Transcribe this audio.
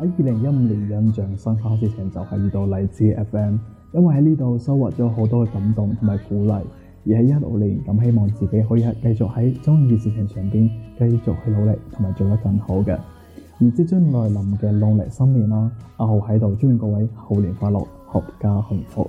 喺二零一五年印象深刻嘅事情就係遇到荔枝 FM，因為喺呢度收穫咗好多嘅感動同埋鼓勵，而喺一六年咁希望自己可以係繼續喺中意嘅事情上邊繼續去努力同埋做得更好嘅。而即將來臨嘅農曆新年啦，阿豪喺度祝願各位猴年快樂，闔家幸福。